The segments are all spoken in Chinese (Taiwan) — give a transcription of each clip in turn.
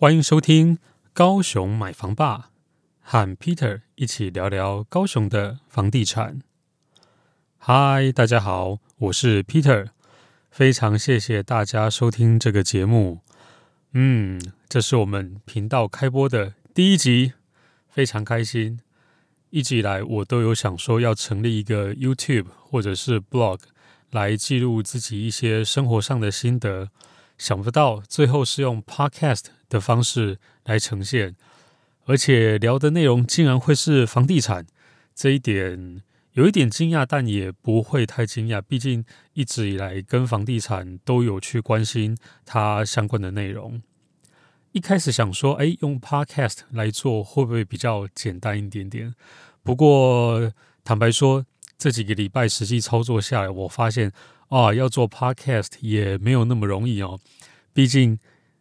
歡迎收聽《高雄買房吧》，和 Peter 一起聊聊高雄的房地產。Hi，大家好，我是 Peter，非常謝謝大家收聽這個節目。嗯，這是我們頻道開播的第一集，非常開心。一直以來，我都有想說要成立一個 YouTube 或者是 Blog 來記錄自己一些生活上的心得。想不到最後是用 Podcast 的方式來呈現，而且聊的內容竟然會是房地產，這一點有一點驚訝，但也不會太驚訝，畢竟一直以來跟房地產都有去關心它相關的內容。一開始想說，欸，用 Podcast 來做會不會比較簡單一點點？不過坦白說，這幾個禮拜實際操作下來，我發現。啊，要做 Podcast 也沒有那麼容易哦。畢竟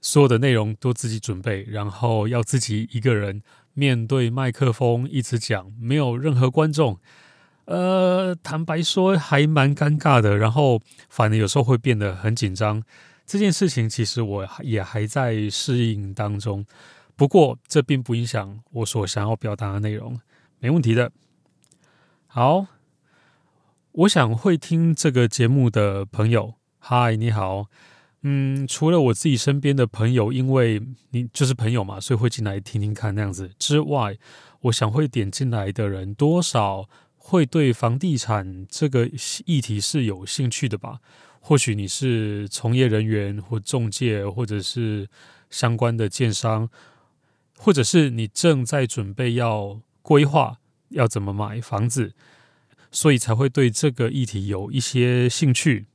所有的內容都自己準備，然後要自己一個人面對麥克風一直講，沒有任何觀眾。呃，坦白說還蠻尷尬的。然後，反而有時候會變得很緊張。這件事情其實我也還在適應當中。不過，這並不影響我所想要表達的內容，沒問題的。好。我想會聽這個節目的朋友，嗨，你好，嗯，除了我自己身邊的朋友，因為你就是朋友嘛，所以會進來聽聽看那樣子之外，我想會點進來的人，多少會對房地產這個議題是有興趣的吧？或許你是從業人員或仲介，或者是相關的建商，或者是你正在準備要規劃要怎麼買房子。所以才會對這個議題有一些興趣。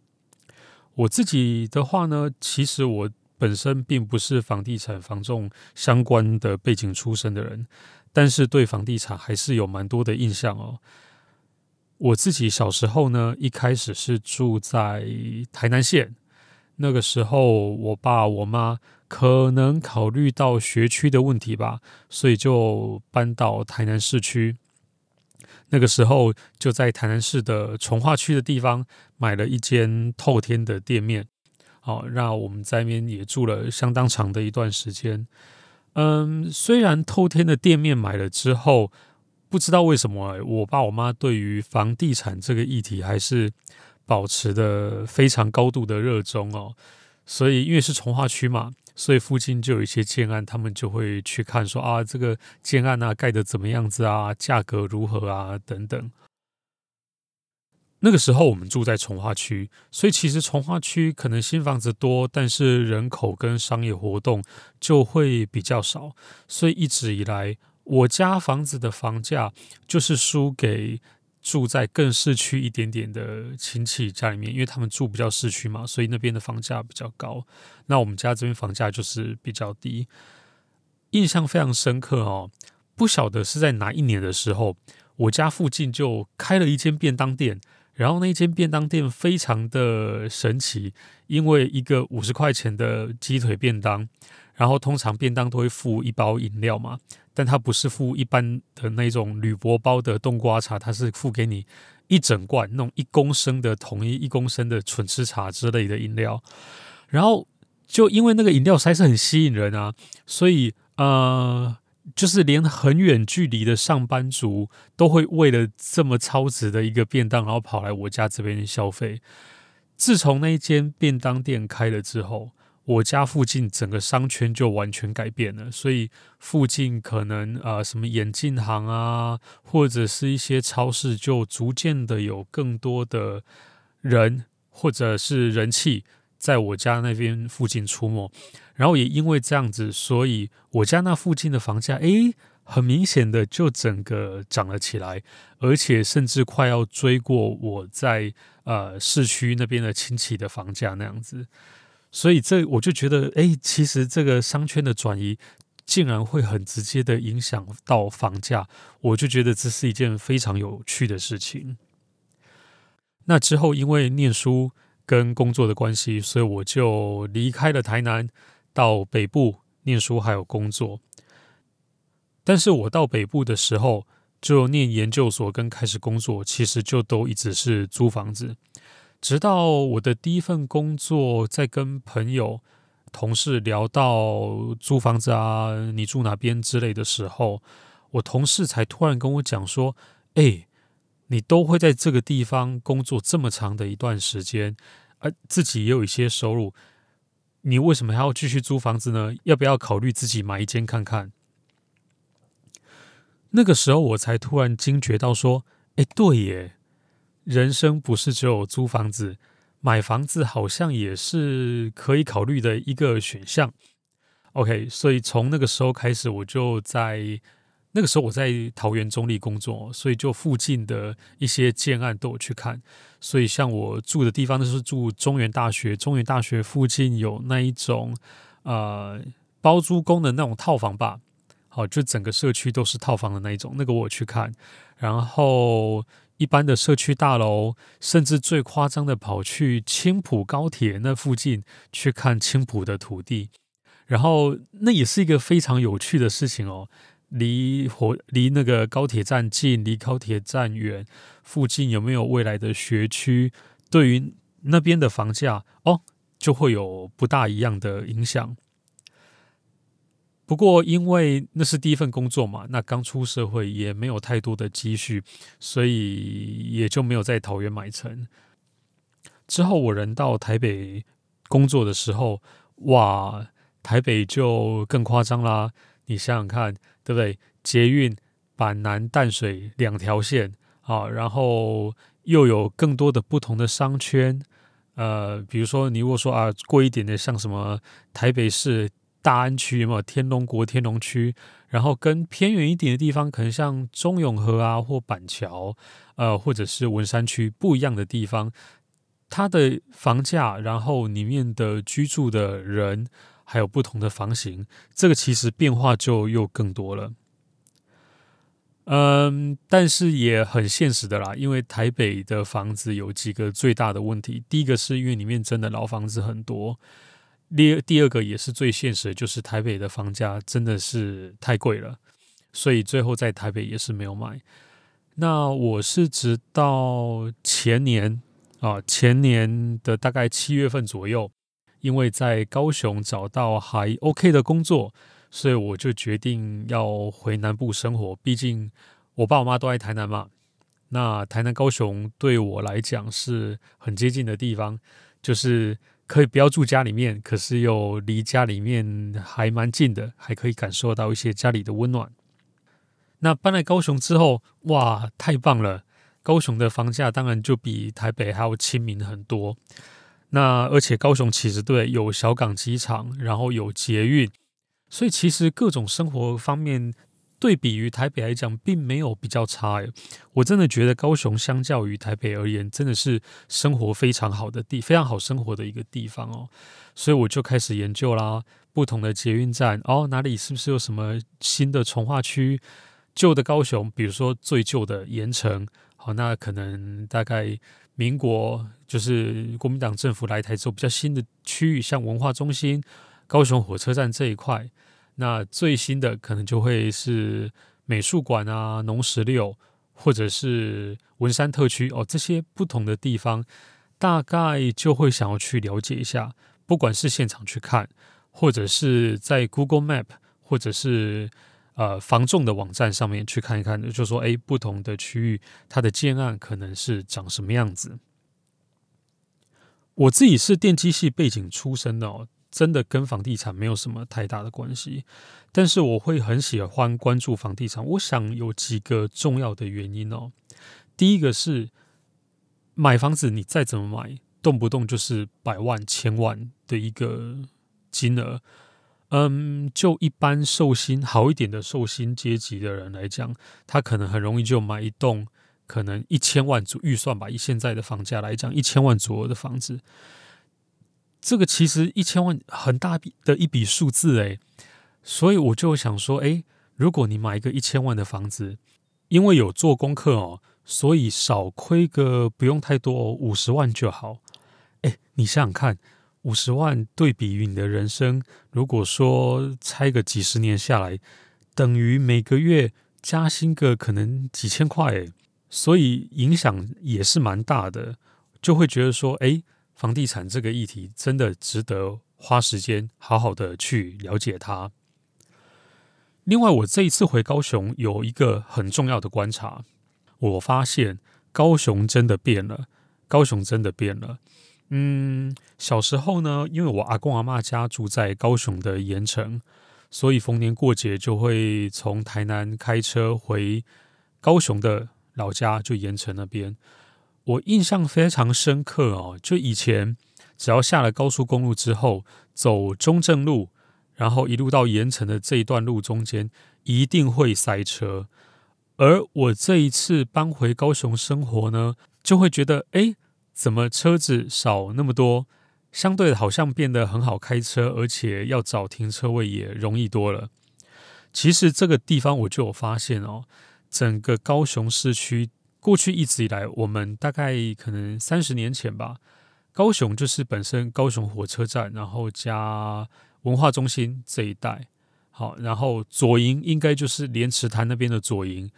我自己的話呢，其實我本身並不是房地產、房仲相關的背景出身的人，但是對房地產還是有蠻多的印象哦。我自己小時候呢，一開始是住在台南縣，那個時候我爸我媽可能考慮到學區的問題吧，所以就搬到台南市區。那個時候就在台南市的重劃區的地方買了一間透天的店面，好，那我們在那邊也住了相當長的一段時間。嗯，雖然透天的店面買了之後，不知道為什麼我爸我媽對於房地產這個議題還是保持的非常高度的熱衷哦，所以因為是重劃區嘛。所以附近就有一些建案，他們就會去看說，說啊，這個建案啊，蓋得怎麼樣子啊，價格如何啊，等等。那個時候我們住在重劃區，所以其實重劃區可能新房子多，但是人口跟商業活動就會比較少，所以一直以來我家房子的房價就是輸給。住在更市區一點點的親戚家裡面，因為他們住比較市區嘛，所以那邊的房價比較高。那我們家這邊房價就是比較低。印象非常深刻哦，不曉得是在哪一年的時候，我家附近就開了一間便當店。然後那間便當店非常的神奇，因為一個五十塊錢的雞腿便當，然後通常便當都會附一包飲料嘛，但它不是附一般的那種鋁箔包的冬瓜茶，它是附給你一整罐弄一公升的統一一公升的純喫茶之類的飲料，然後就因為那個飲料才是很吸引人啊，所以嗯。呃就是連很遠距離的上班族都會為了這麼超值的一個便當，然後跑來我家這邊消費。自從那一間便當店開了之後，我家附近整個商圈就完全改變了。所以附近可能啊，什麼眼鏡行啊，或者是一些超市，就逐漸的有更多的人或者是人氣。在我家那邊附近出沒，然後也因為這樣子，所以我家那附近的房價，誒，很明顯的就整個漲了起來，而且甚至快要追過我在呃市區那邊的親戚的房價那樣子。所以這我就覺得，誒，其實這個商圈的轉移，竟然會很直接的影響到房價，我就覺得這是一件非常有趣的事情。那之後因為念書。跟工作的關係，所以我就離開了台南，到北部念書還有工作。但是我到北部的時候，就念研究所跟開始工作，其實就都一直是租房子。直到我的第一份工作，在跟朋友同事聊到租房子啊，你住哪邊之類的時候，我同事才突然跟我講說：“哎、欸。”你都會在這個地方工作這麼長的一段時間，而自己也有一些收入，你為什麼還要繼續租房子呢？要不要考慮自己買一間看看？那個時候我才突然驚覺到說：“誒，對耶，人生不是只有租房子，買房子好像也是可以考慮的一個選項。” OK，所以從那個時候開始，我就在。那個時候我在桃園中壢工作，所以就附近的一些建案都有去看。所以像我住的地方，都是住中原大學，中原大學附近有那一種呃、包租公的那種套房吧。好，就整個社區都是套房的那一種。那個我去看，然後一般的社區大樓，甚至最誇張的，跑去青埔高鐵那附近去看青埔的土地，然後那也是一個非常有趣的事情哦。離火，離那個高鐵站近，離高鐵站遠，附近有沒有未來的學區？對於那邊的房價哦，就會有不大一樣的影響。不過因為那是第一份工作嘛，那剛出社會也沒有太多的積蓄，所以也就沒有在桃園買成。之後我人到台北工作的時候，哇，台北就更誇張啦！你想想看。對不對？捷運板南淡水兩條線，啊，然後又有更多的不同的商圈，呃，比如說，你如果說啊，貴一點的，像什麼台北市大安區有沒有天龍國天龍區？然後跟偏遠一點的地方，可能像中永和啊，或板橋，呃，或者是文山區，不一樣的地方，它的房價，然後裡面的居住的人。還有不同的房型，這個其實變化就又更多了。嗯，但是也很現實的啦，因為台北的房子有幾個最大的問題，第一個是因為裡面真的老房子很多，第二第二個也是最現實的，就是台北的房價真的是太貴了，所以最後在台北也是沒有買。那我是直到前年啊，前年的大概七月份左右，因為在高雄找到還 OK 的工作，所以我就決定要回南部生活。畢竟我爸我媽都在台南嘛，那台南高雄對我來講是很接近的地方，就是可以不要住家裡面，可是又離家裡面還蠻近的，還可以感受到一些家裡的溫暖。那搬來高雄之後，哇，太棒了！高雄的房價當然就比台北還要親民很多。那而且高雄其實對有小港機場，然後有捷運，所以其實各種生活方面對比於台北來講，並沒有比較差。誒，我真的覺得高雄相較於台北而言，真的是生活非常好的地，非常好生活的一個地方哦。所以我就開始研究啦，不同的捷運站哦，哪裡是不是有什麼新的重劃區，舊的高雄，比如說最舊的鹽埕好，那可能大概。民國就是國民黨政府來台之後比較新的區域，像文化中心、高雄火車站這一塊，那最新的可能就會是美術館啊、農十六或者是文山特區哦，這些不同的地方，大概就會想要去了解一下，不管是現場去看，或者是在 Google Map，或者是。呃，房仲的網站上面去看一看，就說，哎，不同的區域它的建案可能是長什麼樣子。我自己是電機系背景出身的哦，真的跟房地產沒有什麼太大的關係。但是我會很喜歡關注房地產，我想有幾個重要的原因哦。第一個是買房子，你再怎麼買，動不動就是百萬、千萬的一個金額。嗯，就一般受薪好一點的受薪階級的人來講，他可能很容易就買一棟可能一千萬左右預算吧，以現在的房價來講，一千萬左右的房子，這個其實一千萬很大的一筆數字誒，所以我就想說，哎，如果你買一個一千萬的房子，因為有做功課哦，所以少虧個不用太多哦，五十萬就好，哎，你想想看。五十萬對比於你的人生，如果說拆個幾十年下來，等於每個月加薪個可能幾千塊，所以影響也是蠻大的，就會覺得說，欸，房地產這個議題真的值得花時間好好的去了解它。另外，我這一次回高雄有一個很重要的觀察，我發現高雄真的變了，高雄真的變了。嗯，小時候呢，因為我阿公阿嬤家住在高雄的鹽埕，所以逢年過節就會從台南開車回高雄的老家，就鹽埕那邊。我印象非常深刻哦，就以前只要下了高速公路之後，走中正路，然後一路到鹽埕的這一段路中間，一定會塞車。而我這一次搬回高雄生活呢，就會覺得哎，誒怎麼車子少那麼多？相對好像變得很好開車，而且要找停車位也容易多了。其實這個地方我就有發現哦，整個高雄市區過去一直以來，我們大概可能三十年前吧，高雄就是本身高雄火車站，然後加文化中心這一帶。好，然後左營應該就是蓮池潭那邊的左營。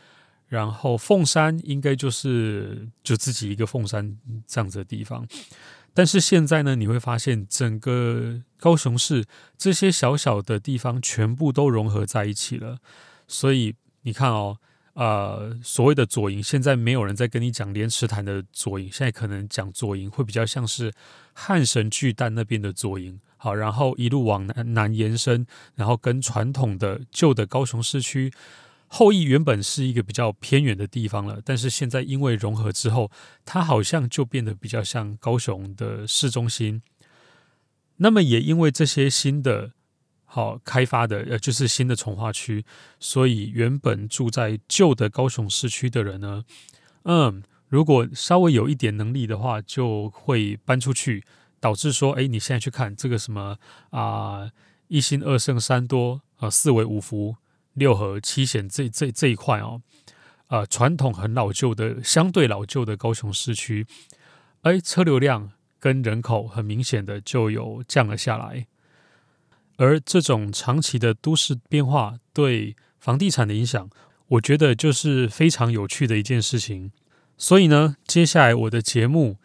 然後鳳山應該就是就自己一個鳳山這樣子的地方，但是現在呢，你會發現整個高雄市這些小小的地方全部都融合在一起了。所以你看哦，啊，所謂的左營，現在沒有人在跟你講蓮池潭的左營，現在可能講左營會比較像是漢神巨蛋那邊的左營。好，然後一路往南南延伸，然後跟傳統的舊的高雄市區。後裔原本是一個比較偏遠的地方了，但是現在因為融合之後，它好像就變得比較像高雄的市中心。那麼也因為這些新的好開發的呃，就是新的從化區，所以原本住在舊的高雄市區的人呢，嗯，如果稍微有一點能力的話，就會搬出去，導致說，誒，你現在去看這個什麼啊、呃，一心二聖三多啊、呃，四為五福。六合七賢這這這一塊哦，啊、呃，傳統很老舊的、相對老舊的高雄市區，哎，車流量跟人口很明顯的就有降了下來。而這種長期的都市變化對房地產的影響，我覺得就是非常有趣的一件事情。所以呢，接下來我的節目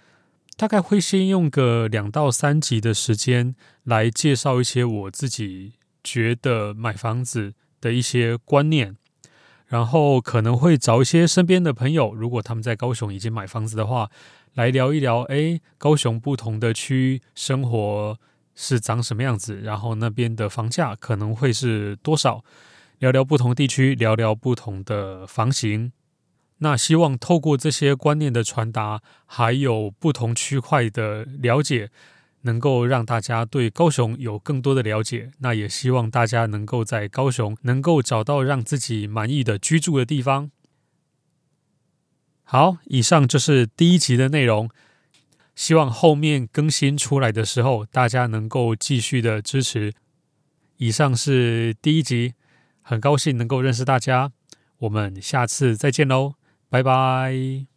大概會先用個兩到三集的時間來介紹一些我自己覺得買房子的一些觀念，然後可能會找一些身邊的朋友，如果他們在高雄已經買房子的話，來聊一聊，誒，高雄不同的區生活是長什麼樣子，然後那邊的房價可能會是多少？聊聊不同地區，聊聊不同的房型。那希望透過這些觀念的傳達，還有不同區塊的了解。能夠讓大家對高雄有更多的了解，那也希望大家能夠在高雄能夠找到讓自己滿意的居住的地方。好，以上就是第一集的內容，希望後面更新出來的時候，大家能夠繼續的支持。以上是第一集，很高興能夠認識大家，我們下次再見嘍，拜拜。